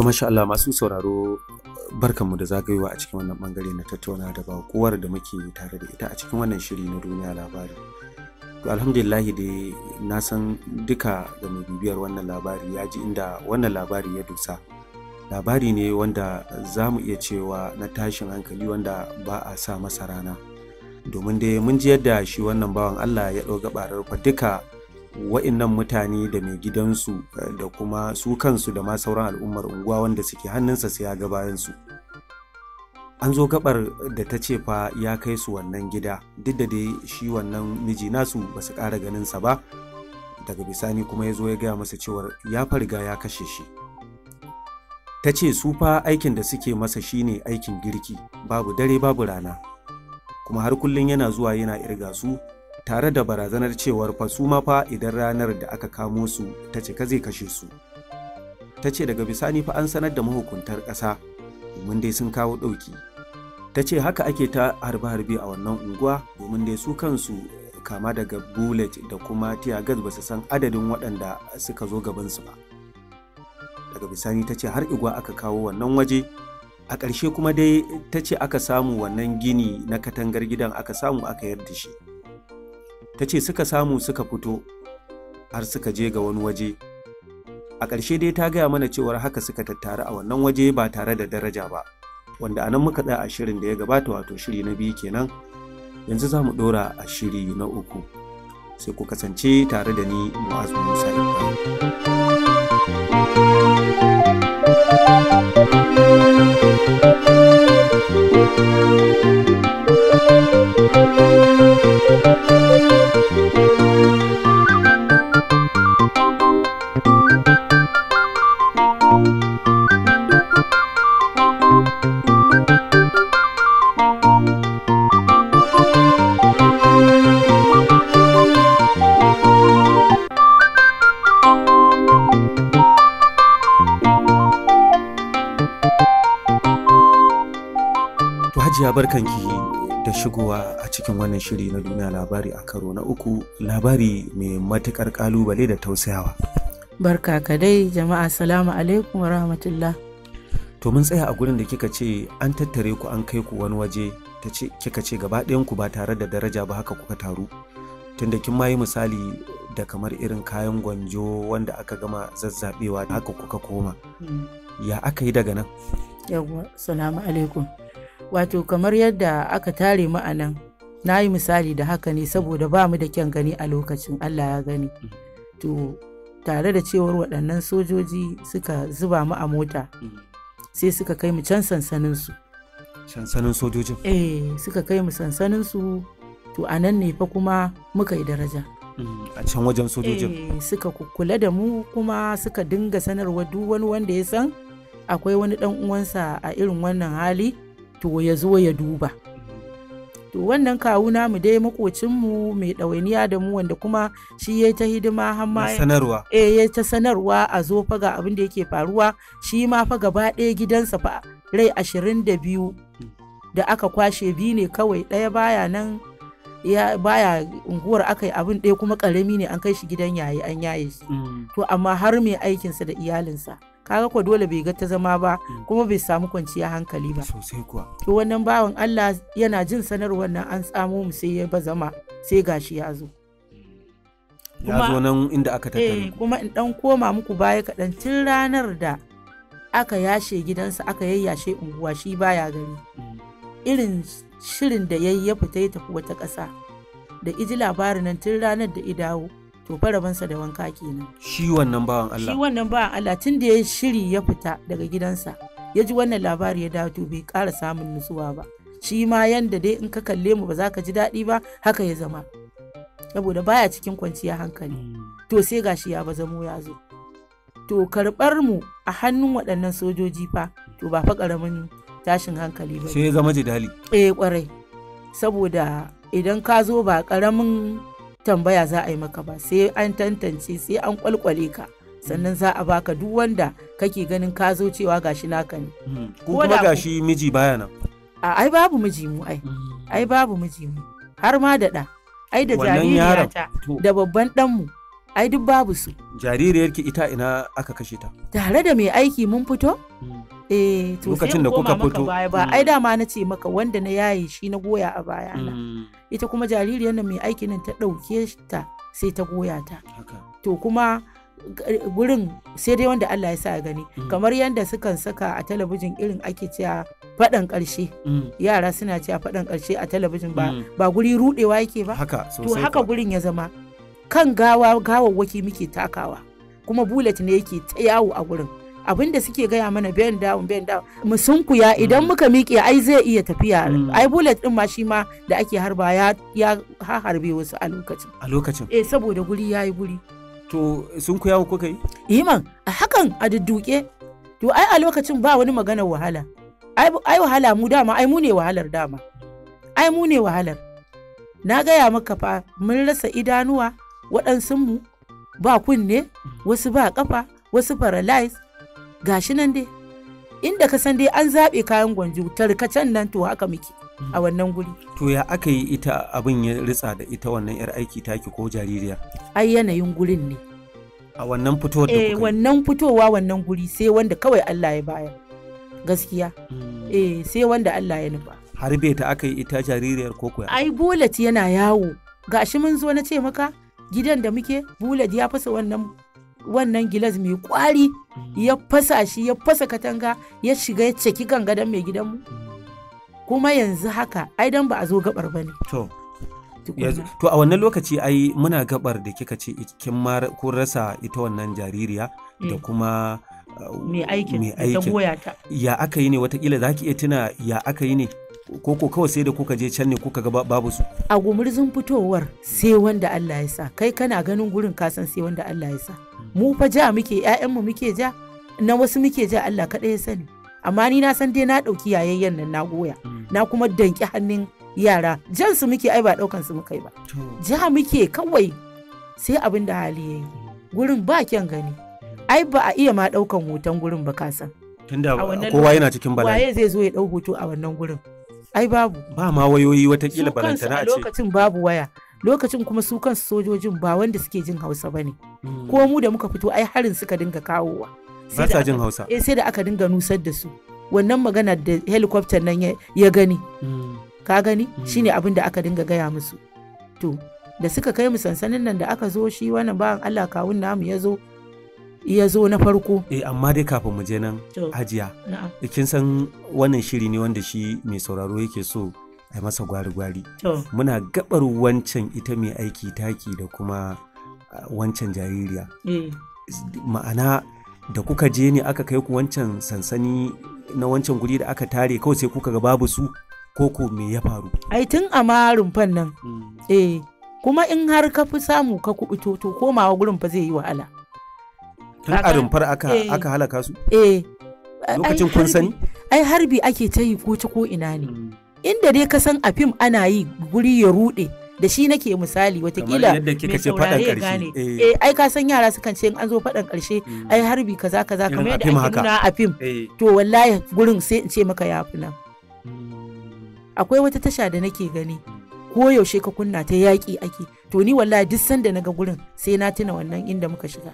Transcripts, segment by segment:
To masha Allah masu sauraro barkanmu da zagayowa a cikin wannan bangare na tattauna da bakuwar da muke tare da ita a cikin wannan shiri na duniya labari. To alhamdulillahi dai na san duka ga mai bibiyar wannan labari ya ji inda wannan labari ya dusa. Labari ne wanda za mu iya cewa na tashin hankali wanda ba a sa masa rana. Domin dai mun ji yadda shi wannan bawan Allah ya ɗau fa duka wa'innan mutane da mai gidansu eh, da kuma su kansu da ma sauran al'ummar unguwa wanda suke hannunsa sai ya ga bayansu an zo gabar da ta ce fa ya kai su wannan gida duk da dai shi wannan miji nasu ba su ƙara ganinsa ba daga bisani kuma ya zo ya gaya masa cewar ya farga ya kashe shi ta ce su fa aikin da suke masa shine aikin girki babu dare babu rana kuma har kullum yana zuwa yana irga su tare da barazanar cewar fasumafa idan ranar da aka kamo su ta cika zai kashe su ta ce daga bisani fa an sanar da mahukuntar ƙasa domin dai sun kawo ɗauki ta ce haka ake ta harbe-harbe a wannan unguwa domin dai su kansu kama daga bullet da kuma tiyagas ba su san adadin waɗanda suka zo gabansu ba daga bisani ta ce har igwa aka kawo wannan waje a ƙarshe kuma dai ta ce aka samu wannan gini na katangar gidan aka samu aka yarda shi ta ce suka samu suka fito har suka je ga wani waje a ƙarshe dai ta gaya mana cewar haka suka tattara a wannan waje ba tare da daraja ba wanda anan muka tsaya a shirin da ya gabata wato shiri na biyu kenan yanzu za mu ɗora a shiri na uku sai ku kasance tare da ni mu'azu musa ibrahim To hajiya barkanki da shigowa a cikin wannan shiri na duniya labari a karo na uku labari mai matukar kalubale da tausayawa. Barka ka dai jama'a salamu alaikum wa rahmatullah. To mun tsaya a gurin da kika ce an tattare ku an kai ku wani waje ta ce kika ce gaba ɗayan ku ba tare da daraja ba haka kuka taru. Tunda kin ma yi misali da kamar irin kayan gwanjo wanda aka gama zazzabewa haka kuka koma. Hmm. Ya aka yi daga nan? Yawwa, salamu alaikum. wato kamar yadda aka tare mu a nan na yi misali da haka ne saboda ba mu da kyan gani a lokacin allah ya gani to tare da cewar waɗannan sojoji suka zuba mu a mota sai suka kai mu can sansaninsu sansanin sojojin eh suka kai mu sansaninsu to a nan ne fa kuma muka yi daraja a can wajen sojojin eh, suka kula da mu kuma suka dinga sanarwa duk wani wanda ya san akwai wani dan uwansa a irin wannan hali to ya zo ya duba to wannan kawu namu dai makocinmu mai ɗawainiya da mu wanda kuma shi ya ta hidima har ma sanarwa eh ya ta sanarwa a zo fa ga abin da yake faruwa shi ma fa gaba ɗaya gidansa fa rai ashirin da biyu da aka kwashe biyu ne kawai ɗaya baya nan ya baya unguwar aka yi abin ɗaya kuma ƙarami ne an kai shi gidan yayi an yaye shi mm. to amma har mai aikinsa da iyalinsa kaga ko dole bai ga ta zama ba mm. kuma bai samu kwanciya hankali ba sosai kuwa to wannan bawan Allah yana jin sanarwar nan an tsamo mu sai ya bazama sai gashi ya zo ya zo nan inda aka tattare eh, kuma in dan koma muku baya kaɗan tun ranar da aka yashe gidansa aka yayyashe unguwa shi baya gari mm. irin shirin da ya ya fita ya tafi wata ƙasa da iji labarin nan tun ranar da idawo to farabansa da wanka kenan shi wannan bawan Allah shi wannan bawan Allah tun da ya shiri ya fita daga gidansa ya ji wannan labari ya dato bai ƙara samun nutsuwa ba shi ma yanda dai in ka kalle mu ba za ka ji daɗi ba haka ya zama saboda baya cikin kwanciya hankali hmm. to sai gashi ya ba zamo ya zo to karɓar mu a hannun waɗannan sojoji fa to ba fa ƙaramin tashin hankali ba sai ya zama jidali eh kwarai saboda idan ka zo ba ƙaramin tambaya za a yi maka ba sai an tantance sai an kwalkwale ka sannan za a baka duk wanda kake ganin ka zo cewa gashi naka ne mhm. ko kuma gashi miji baya nan a ai babu miji mu ai mhm. ai babu miji mu har ma da da ai da jaririyata da babban dan mu ai duk babu su jaririyarki ita ina aka kashe ta tare da mai aiki mun fito mhm. eh to lokacin da kuka fito baya ba ai mm. dama na ce maka wanda na yaye shi na goya a baya na mm. ita kuma jaririyar nan mai aiki nan ta dauke ta sai ta goya ta to kuma eh, gurin sai dai wanda Allah ya sa gani mm. kamar yadda sukan saka a talabijin irin ake cewa faɗan ƙarshe yara suna cewa faɗan ƙarshe a talabijin ba ba guri rudewa yake ba to haka gurin ya zama kan gawa gawawwaki muke takawa kuma bullet ne yake ta yawo a gurin abin da suke gaya mana ben down ben down mu sunkuya idan mm. muka miƙe ai zai iya tafiya mm. ai bullet din ma shi ma da ake harba ya ya harbe wasu a lokacin a lokacin eh saboda guri yayi guri to sunkuya ku kai yi eh, a hakan a dudduke to ai a lokacin ba wani maganar wahala ai wahala mu dama ai mu ne wahalar dama ai mu ne wahalar na gaya maka fa mun rasa idanuwa waɗansunmu ba kunne mm. wasu ba kafa wasu paralyzed gashi nan dai inda ka san dai an zaɓe kayan gwanjo tarkacen nan to haka muke a mm. wannan guri to ya aka yi ita abin ya ritsa da ita wannan yar aiki taki ko jaririya ai yanayin gurin ne a wannan fitowar da eh, kuka wannan fitowa wannan guri sai wanda kawai Allah ya bayar gaskiya mm. eh sai wanda Allah ya nufa har bai ta aka yi ita jaririyar ko kuwa ai bullet yana yawo gashi mun zo na ce maka gidan da muke bullet ya fasa wannan wannan gilas mai kwari mm. ya fasa shi ya fasa katanga ya shiga ya ceki gangadan mai gidanmu mm. kuma yanzu haka ai dan ba a zo gabar ba ne to a wannan lokaci ai muna gabar da kika ce kin ko rasa ita wannan jaririya da mm. kuma mai aikin ta goya ta ya aka yi ne watakila za ki iya tuna ya aka yi ne ko kawai sai da kuka je can ne kuka ga babu su a gumurzun fitowar sai wanda Allah ya sa kai kana ganin gurin kasan sai wanda Allah ya sa mu fa ja muke mu muke ja na wasu muke ja Allah kaɗai ya sani amma ni na san dai na ɗauki yayayyen nan na goya mm. na kuma danki hannun yara jan su muke ai ba ɗaukan su mukai ba ja muke kawai sai abin da hali yayi gurin ba kyan gani ai ba a iya ma ɗaukan hoton gurin ba kasan tunda kowa yana cikin bala'i waye zai zo ya ɗau hoto a wannan gurin ai babu ba ma wayoyi watakila balantana a ce a lokacin babu waya lokacin kuma su kansu sojojin ba wanda suke jin hausa ba ne hmm. ko mu da muka fito ai harin suka dinga kawowa sai eh, da aka dinga nusar da su wannan magana da helicopter nan ya gani hmm. ka gani hmm. shine abin da aka dinga gaya musu to da suka kai mu sansanin nan da aka zo shi wannan ba Allah kawun namu ya zo ya zo na farko. Eh amma dai kafin mu je nan hajiya. Eh, kin san wannan shiri ne wanda shi mai sauraro yake so a masa gwari-gwari muna gabar wancan ita mai aiki taki da kuma wancan jaririya mm. ma'ana da kuka je ne aka kai ku wancan sansani na wancan guri da aka tare kawai sai kuka ga babu su ko ko me ya faru ai tun a ma rumfan nan mm. eh kuma in har ka fi samu ka kubuto to komawa gurin fa zai yi wahala tun a rumfar aka eh. aka halaka su eh lokacin kun sani ai harbi ake ta yi ko ta ko ina ne mm. inda dai ka san a fim ana yi guri ya rude da shi nake misali watakila mai saurare ya gane eh. eh ai ka san yara sukan ce in an zo faɗan ƙarshe mm. ai harbi kaza kaza kamar yadda ake nuna a fim eh. to wallahi gurin sai in ce maka ya mm. akwai wata tasha da nake gani ko yaushe ka kunna ta yaƙi ake to ni wallahi duk sanda na ga gurin sai na tuna wannan inda muka shiga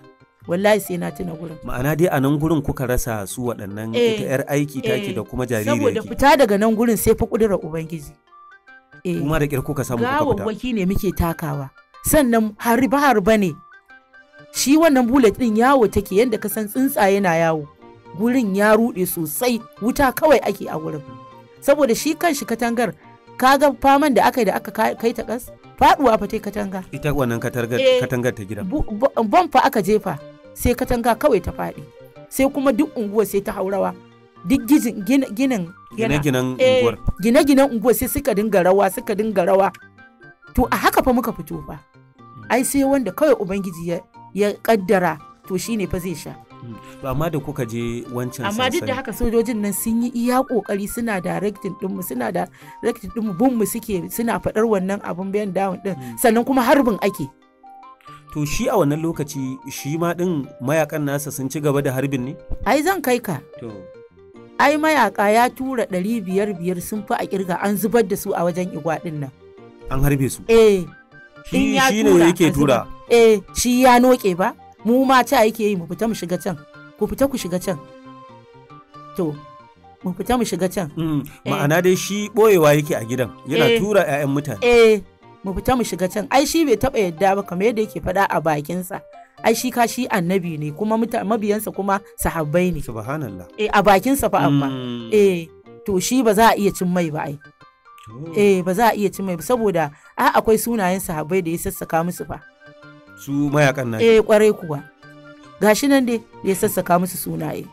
wallahi sai na tuna gurin ma'ana dai a nan gurin kuka rasa su waɗannan eh, ita yar aiki take eh. da kuma jariri saboda fita daga nan gurin sai fa kudura ubangiji eh. kuma da ka samu kuka fita gawawwaki ne muke takawa sannan hariba hariba ne shi wannan bullet din yawo take yadda ka san tsuntsaye na yawo gurin ya ruɗe sosai wuta kawai ake a gurin saboda shi kanshi katangar kaga faman da aka yi da aka kai ta kas faduwa fa katanga ita wannan katangar ta gida ban fa aka jefa sai katanga kawai ta faɗi sai kuma duk unguwar sai ta haurawa duk gizin ginin gine-ginen eh, unguwar gine unguwar sai suka dinga rawa suka dinga rawa to a haka fa muka fito fa hmm. ai sai wanda kawai ubangiji ya kaddara to shine fa zai sha hmm. amma da kuka je wancan amma duk da haka sojojin nan sun yi iya kokari suna din dinmu suna din dinmu bin mu suke suna fadar wannan abun bayan dawon din hmm. sannan kuma harbin ake to shi a wannan lokaci shi ma ɗin mayakan nasa sun ci gaba da harbin ne? Ai zan kai ka. To. Ai mayaka ya tura ɗari biyar biyar sun fi a kirga an zubar da su a wajen igwa ɗin nan. An harbe su? Eh. Shi ne yake tura. Eh shi ya noke ba? Mu ma ta yake yi mu fita mu shiga can. Ku fita ku shiga can. To. Mu fita mu shiga can. Mm, eh. Ma'ana dai shi ɓoyewa yake a gidan. Yana eh. tura 'ya'yan mutane. Eh. mu fita mu shiga can ai shi bai taba yadda ba kamar yadda yake faɗa a bakinsa ai shi ka shi annabi ne kuma mabiyansa kuma sahabbai ne subhanallah eh a bakinsa fa amma hmm. eh to shi ba za a iya cin mai ba ai oh. eh ba za a iya cin mai ba saboda a ah, akwai sunayen sahabbai da ya sassaka musu fa su mayakan nan eh kwarai kuwa gashi nan dai da ya sassaka musu sunaye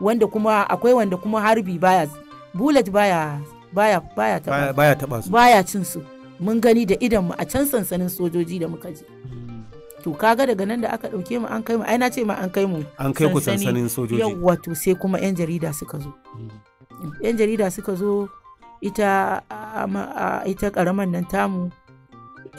wanda kuma akwai wanda kuma harbi baya bullet baya baya baya taba baya taba su baya cin su mun gani da idan mu a can sansanin sojoji da muka je to kaga daga nan da aka dauke mu an kai mu ai na ce ma an kai mu an kai ku sansanin sojoji yawa to sai kuma yan jarida suka zo yan jarida suka zo ita um, ita karaman nan tamu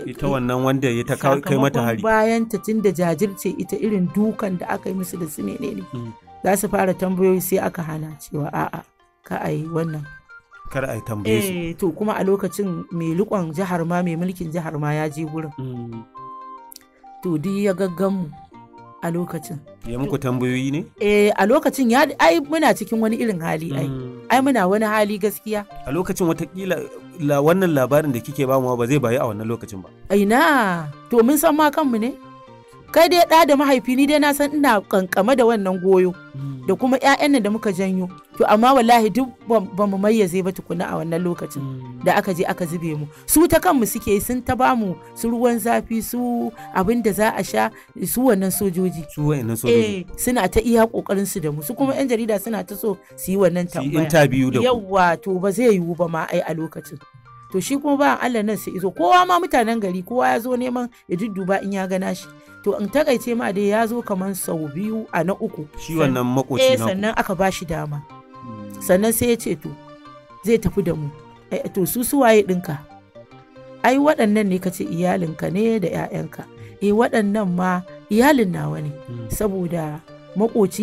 ita wannan wanda ya ta kai mata hari bayan ta tun da jajirce ita irin dukan da aka yi musu da su ne ne hmm. za su fara tambayoyi sai aka hana cewa a'a ka a yi wannan kar a tambaye su eh to kuma a lokacin mai rikon jihar ma mai mulkin jihar ma ya je wurin. Mm. to duk ya gaggan mu a lokacin ya muku tambayoyi ne eh a lokacin ya ai muna cikin wani irin hali ai mm. ai muna wani hali gaskiya a lokacin watakila la wannan labarin da kike ba mu ba zai bayi a wannan lokacin ba ai na to mun san ma kanmu ne kai dai ɗa da mahaifi ni dai na san ina kankama da wannan goyo hmm. da kuma ƴaƴan nan da muka janyo to amma wallahi duk ba mu mayyaze ba tukuna a wannan lokacin hmm. da aka je aka zube mu su ta kanmu suke sun ta mu su ruwan zafi su abin da za a sha su wannan sojoji su wannan sojoji eh suna ta iya kokarin su da mu su kuma yan jarida suna ta so su yi wannan tambaya yawa to ba zai yiwu ba ma ai a lokacin to shi kuma ba Allah nan sai izo kowa ma mutanen gari kowa ya zo neman ya dudduba in ya gana shi to in takaice ma dai ya zo kamar sau biyu a na uku shi wannan makoci eh, na sannan aka ba dama hmm. sannan sai ya ce to zai tafi da mu eh, to su waye ɗinka ai waɗannan ne kace iyalinka ne da 'ya'yanka eh waɗannan ma iyalin nawa ne hmm. saboda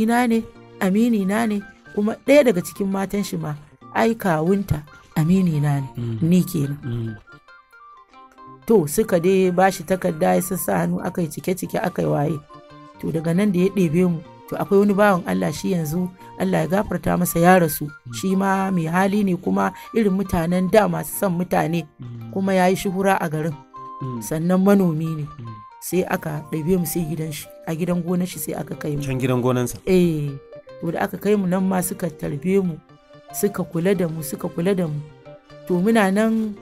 na ne amini na ne kuma ɗaya daga cikin matan shi ma ai kawunta amini na ne mm. ni kenan mm. to suka dai bashi takarda ya sa hannu aka yi cike-cike aka yi waye to daga nan da ya ɗebe mu to akwai wani bawan Allah shi yanzu Allah ya gafarta masa ya rasu mm. shi ma mai hali ne kuma irin mutanen da masu son mutane kuma ya yi shuhura a garin sannan manomi ne sai aka ɗabe mu sai gidan shi a gidan gonar shi sai aka kai mu can gidan gonansa eh da aka kai mu nan ma suka tarbe mu suka kula da mu suka kula da mu to muna nan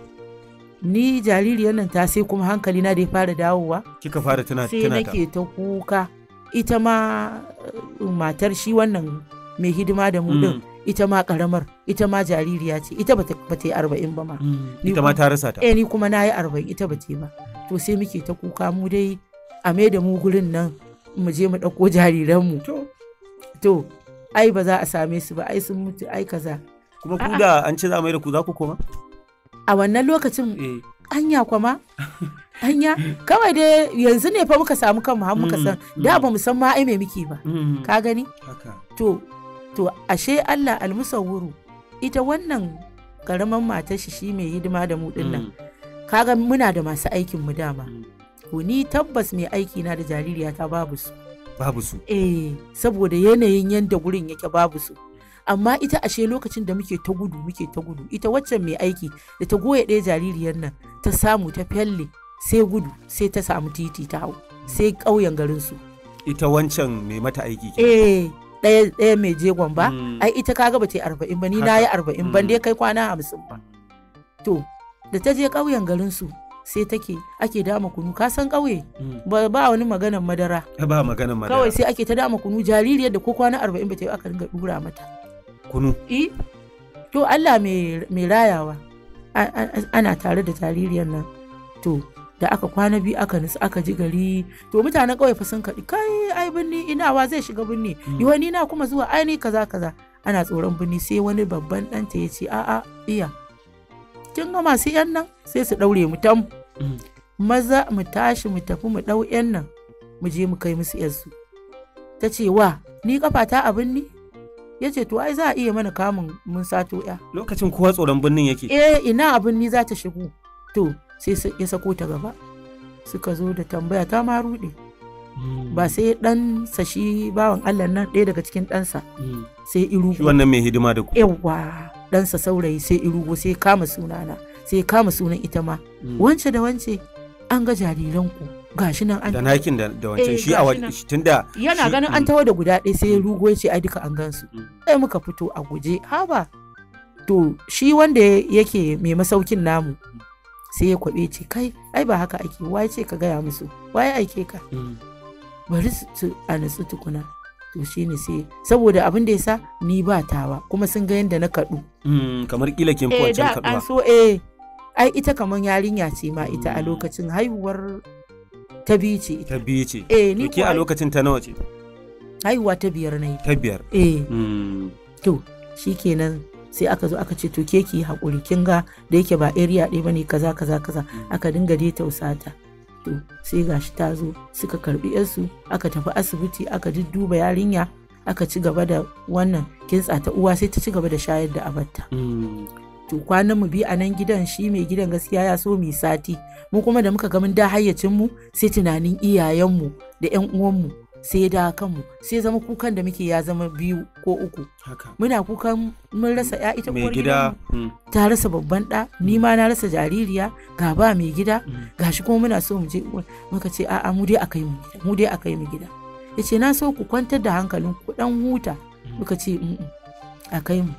ni jaririyar nan ta sai kuma hankali na da ya fara dawowa kika fara tana sai nake ta kuka ita ma uh, matar shi wannan mai hidima da mu din mm. ita ma karamar ita ma jaririya ce ita ba ta yi arba'in ba ma mm. ita ma ta rasa ta eh ni kuma na yi arba'in ita ba ta ba to sai muke ta kuka mu dai a mai da mu gurin nan mu je mu ɗauko jariranmu to ai ba za a same su ba ai sun mutu ai kaza kuma ku da an ce za mai da ku za ku koma a wannan lokacin eh. anya kwama anya kawai dai yanzu ne fa muka samu kanmu har muka mm, san mm. da ba mu san ma ai me muke ba mm. ka gani to to ashe Allah almusawwuru ita wannan karaman matar shi shi mai hidima da mu dinnan kaga muna da masu aikin mu dama to ni tabbas mai aiki na da jaririya ta babu su babu su eh saboda yanayin yadda gurin yake babu su amma ita ashe lokacin da muke ta gudu muke ta gudu ita waccan mai aiki da ta goya ɗaya jaririyar nan ta samu ta fyalle sai gudu sai ta samu titi ta hau sai ƙauyen garin su ita wancan mai mata aiki eh ɗaya ɗaya mai jegon ba hmm. ai ita kaga bata yi arba'in ba ni na yi arba'in ban hmm. dai kai kwana hamsin ba to da ta je ƙauyen garin su sai take ake dama kunu ka san ƙauye mm. ba wani maganan madara ba maganan madara kawai sai ake ta dama kunu jaririyar da ko kwana 40 ba ta yi aka dura mata kunu i eh. to Allah mai rayawa ana tare da jaririyar nan to da aka kwana biyu aka nisa aka ji gari to mutanen kauye fa sun kaɗi kai ai binni ina wa zai shiga binni mm. Yi wani na kuma zuwa ai ni kaza kaza ana tsoron binni sai wani babban ɗanta ya ce a'a iya kin ga masu yan nan sai su daure mu tam mm. maza mu tashi mu tafi mu dau yan nan mu je mu kai musu yansu ta ce wa ni kafata ta abin ni ya ce to ai za a iya mana kamun mun sato ya lokacin kowa tsoron birnin yake eh ina abin ni za ta shigo to sai ya sako ta gaba suka zo da tambaya ta ma rude mm. ba sai ɗansa shi bawan allah nan ɗaya daga cikin ɗansa mm. sai iru wannan mai hidima da ku yawwa ɗansa saurayi sai irugo sai kama sunana sai kama sunan ita ma mm. wance da wance an ga jariranku gashi nan an da nakin da wancan eh, shi a tunda yana ganin an mm. tawo da guda ɗaya sai rugo ya ce ai duka an gansu mm. sai muka fito a guje haba to shi wanda yake mai masaukin namu sai ya kwabe ce kai ai ba haka ake wai ce ka gaya musu waye aike ka bari su a tukuna to shi ne sai saboda abin da yasa ni ba tawa kuma sun ga yanda na kaɗu. Mm, kamar kila kin fi eh, wancan kaɗuwa. an so eh ai ita kamar yarinya ce ma ita a mm. lokacin haihuwar ta biyu ce ta biyu ce. eh ni ke a lokacin ta nawa ce. haihuwa ta biyar na yi. ta biyar. eh mm. to shi kenan sai aka zo aka ce to ke ki haƙuri kin ga da yake ba area ɗaya bane kaza kaza kaza aka dinga dai tausata. to sai gashi ta zo suka karbi yarsu aka tafi asibiti aka dudduba yarinya aka ci gaba da wannan kintsa ta uwa sai ta ci gaba da shayar da abarta mm. to kwanan mu bi a gidan shi mai gidan gaskiya ya so mi sati mu kuma da muka ga mun da hayyacin mu sai tunanin iyayen mu da yan uwan mu sai ya dawo kanmu sai zama kukan da muke ya zama biyu ko uku muna kukan mun rasa ya ita uwar gida mm. ta rasa babban da ni ma na rasa jaririya ga ba mai gida mm. ga shi kuma muna so mu je muka ce a'a mu dai akai mu gida mu dai akai mu gida yace na so ku kwantar da hankalin ku dan huta mm. muka ce akai mu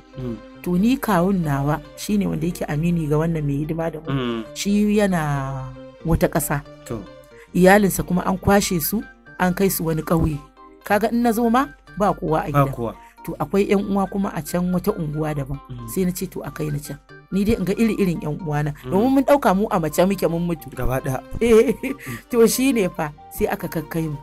to ni kawun nawa shine wanda yake amini ga wannan mai hidima da mu shi yana wata ƙasa iyalinsa kuma an kwashe su an kai su wani ƙauye kaga in na zo ma ba kowa a gida to akwai yan uwa kuma a can wata unguwa daban mm. sai na ce to a kai na can ni dai in ga iri irin yan uwa na. Mm. domin mun dauka mu a mace muke mun mutu gaba da eh, mm. to shine fa sai aka kakkai mu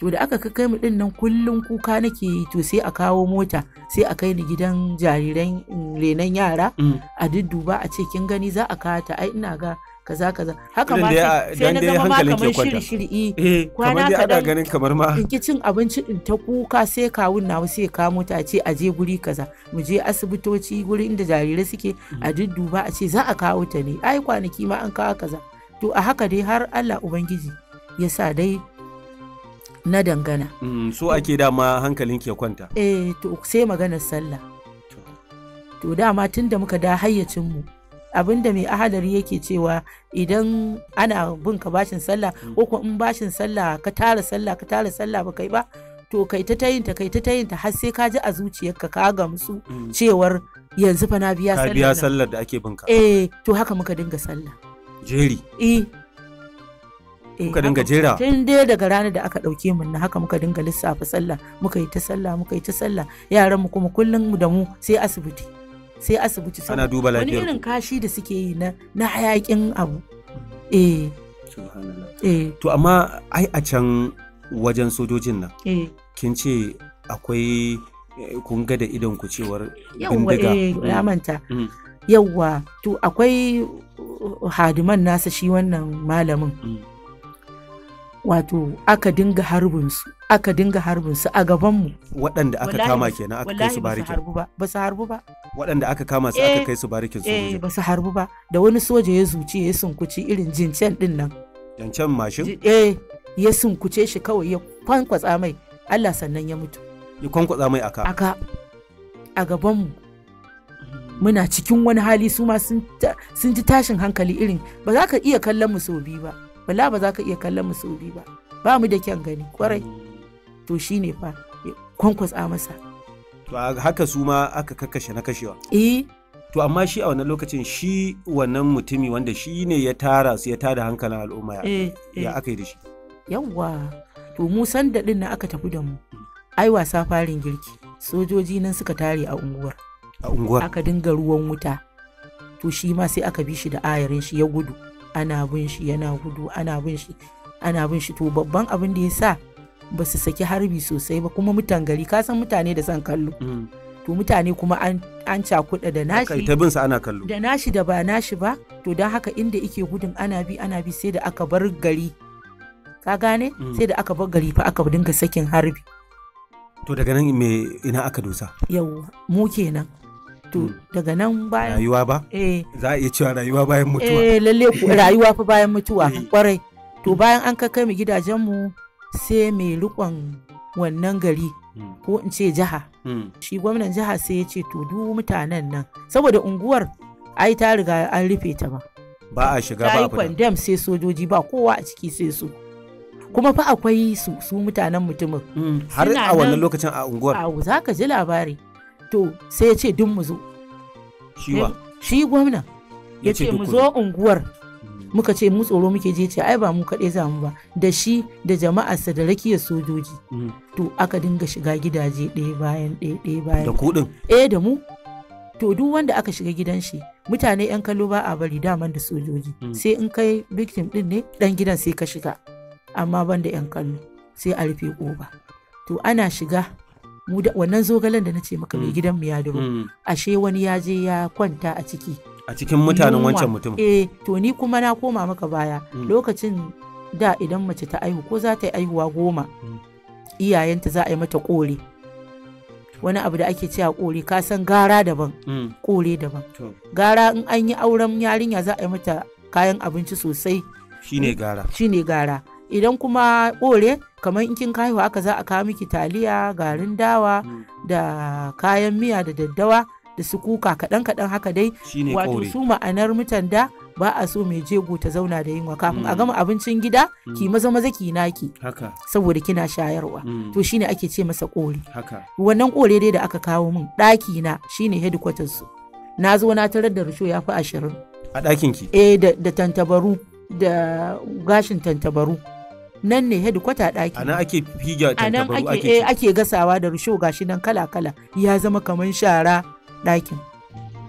to da aka kai mu din nan kullum kuka nake yi to sai a kawo mota sai a kai ni gidan jariran renan yara a dudduba a ce kin gani za a kawo ta ai ina ga kaza kaza haka ma sai na zama ma kamar shiri shiri eh, eh kwana kaɗan ganin kamar ma in ki cin abinci din ta kuka sai kawun wasu ya kamo ta ce a je guri kaza mu je asibitoci guri inda jarirai suke a mm. dudduba a ce za a kawo ta ne ai kwanaki ma an kawo kaza to a haka dai har Allah ubangiji ya sa dai na dangana mm, so ake dama hankalin ke kwanta eh to sai maganar sallah to dama tun da muka da hayyacinmu abinda mai ahadari yake cewa idan ana bin ka bashin sallah mm. ko kuma in bashin sallah ka tara sallah ka tara sallah ba kai ba to kai ta ta kai ta ta har sai ka ji a zuciyarka ka gamsu mm. cewar yanzu fa na biya sallah biya sallar da ake bin ka. eh to haka muka dinga sallah jeri eh, eh muka dinga jera tun dai daga ranar da aka dauke mun na haka muka dinga lissafa sallah muka yi ta sallah muka yi ta sallah yaran mu kuma kullum da mu sai asibiti sai asibiti ana duba lafiyar wani irin kashi da suke yi na na hayakin abu eh. eh to amma ai a can wajen sojojin nan eh kin ce akwai eh, kun ga da idon ku cewar bindiga eh, mm. ya manta mm. yawwa to akwai uh, hadiman nasa shi wannan malamin mm. wato aka dinga su aka dinga su a mu waɗanda aka kama kenan aka kai su barikin ba su harbu ba waɗanda aka kama su aka eh, kai su barikin soja eh, ba su harbu ba da wani soja ya zuci ya sunkuci irin jincen din nan jincen mashin eh ya sunkuce shi kawai ya kwankwatsa mai Allah sannan ya mutu ya kwankwatsa mai aka aka a gaban mu muna cikin wani hali su ma sun ji tashin hankali irin ba za ka iya kallon mu sau biyu ba bala ba za ka iya kallon mu sau biyu ba ba mu da kyan gani kwarai to shi ne fa kwankwasa masa to haka su ma aka kakkashe na kashewa eh to amma shi a wannan lokacin shi wannan mutumi wanda shi ne ya tara su ya tada hankalin al'umma ya eh, eh. aka yi da shi yawwa to mu san da din na aka tafi da mu ai wasa farin girki sojoji nan suka tare a unguwar a unguwar aka dinga ruwan wuta to shi ma sai aka bi shi da ayarin shi ya gudu ana bin shi yana gudu ana bin shi ana bin shi to babban abin da ya sa ba su saki harbi sosai ba kuma mutan gari ka san mutane da san kallo mm. to mutane kuma an an cakuɗa da nashi ta bin sa ana kallo da nashi da ba nashi ba to don haka inda ike gudun ana bi ana bi sai da aka bar gari ka gane mm. sai da aka bar gari fa aka dinga sakin harbi to daga nan me ina aka dosa yau mu kenan to mm. daga nan bayan rayuwa ba eh za a iya cewa rayuwa bayan mutuwa eh lalle rayuwa fa bayan mutuwa eh. kwarai to bayan an ka kai mu gidajen mu sai mai rikon wannan gari mm. ko in ce jiha mm. shi gwamnan jiha sai ya ce to du mutanen nan saboda unguwar ai ta riga an rufe ta ba ba a shiga ba kwandam sai sojoji ba kowa a ciki sai su kuma fa akwai su su mutanen mutumin har a wannan lokacin a unguwar za ka ji labari to sai ya ce duk mu zo shi gwamna ya ce mu zo unguwar hmm. muka ce mu tsoro muke je ce ai ba mu kaɗai za mu ba da shi da jama'arsa da rakiyar sojoji hmm. to aka dinga shiga gidaje ɗaya bayan ɗaya ɗaya bayan da kuɗin eh da mu to duk wanda aka shiga gidan shi mutane yan kallo ba a bari daman da sojoji hmm. sai in kai victim ɗin ne dan gidan sai ka shiga amma ban da yan kallo sai a rufe ƙofa to ana shiga wannan zogalen da na ce maka mai mm. gidan mu ya duro mm. ashe wani ya je ya kwanta a ciki a cikin mutanen wancan mutum eh to ni kuma na koma maka baya mm. lokacin da idan mace ta aihu ko za ta yi aihuwa goma iyayenta za a yi mata kore wani abu da ake cewa kore ka san gara daban kore daban gara in an yi auren yarinya za a yi mata kayan abinci sosai shine gara shine gara idan kuma kore kamar in kin kaiwa aka za a kawo miki taliya garin dawa mm. da kayan miya da daddawa da su kuka kaɗan kaɗan haka dai wato su ma'anar mutan da ba a so mai jego ta zauna da yinwa kafin a mm. gama abincin gida ki mm. maza maza ki naki saboda kina shayarwa to shine ake ce masa kore wannan kore dai da aka kawo min ɗaki na shine headquarters su na zo na tarar da rusho ya fi ashirin a ɗakin ki eh da tantabaru da gashin tantabaru nan ne hedikwata ɗaki. A nan ake figa tantabaru ake eh ake gasawa da rusho gashi nan kala-kala ya zama kaman shara ɗakin.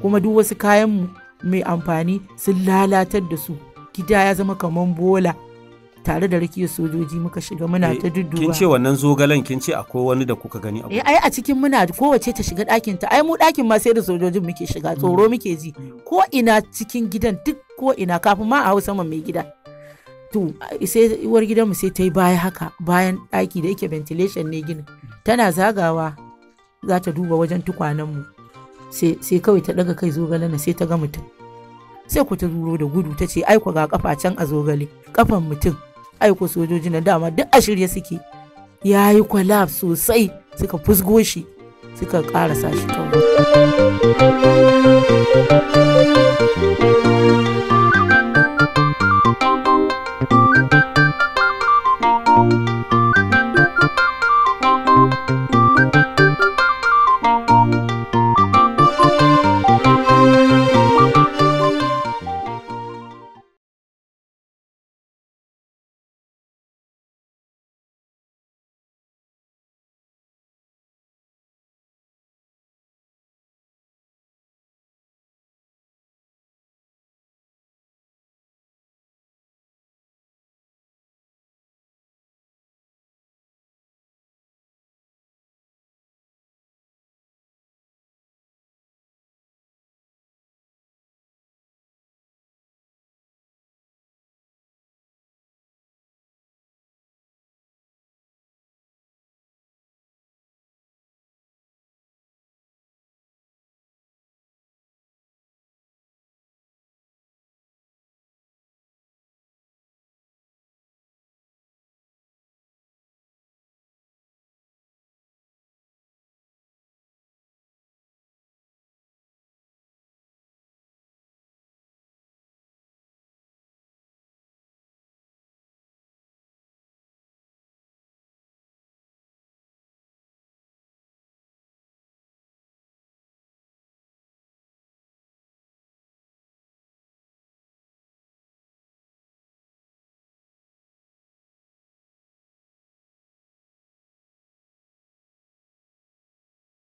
Kuma duk wasu kayan mu mai amfani sun lalatar da su gida ya zama kaman bola. tare da rikiyar sojoji muka shiga muna eh, ta dudduwa. Kin ce wannan zogalen kin ce akwai wani da kuka gani a eh, ai a cikin muna kowace ta shiga ɗakin ta ai mu ɗakin ma sai da sojojin muke shiga tsoro mm. muke ji ko ina cikin gidan duk ko ina kafin ma a hausa mai gida. to sai uwar gidanmu sai ta yi baya haka bayan ɗaki da yake ventilation ne ginin tana zagawa za ta duba wajen tukwanenmu sai kawai ta ɗaga kai zogale na sai ta ga mutum sai ku ta zuro da gudu ta ce aiko ga kafa can a zogale kafan mutum aiko sojoji na dama duk a shirye suke ya yi kwalab sosai suka fusgo shi suka karasa shi kawai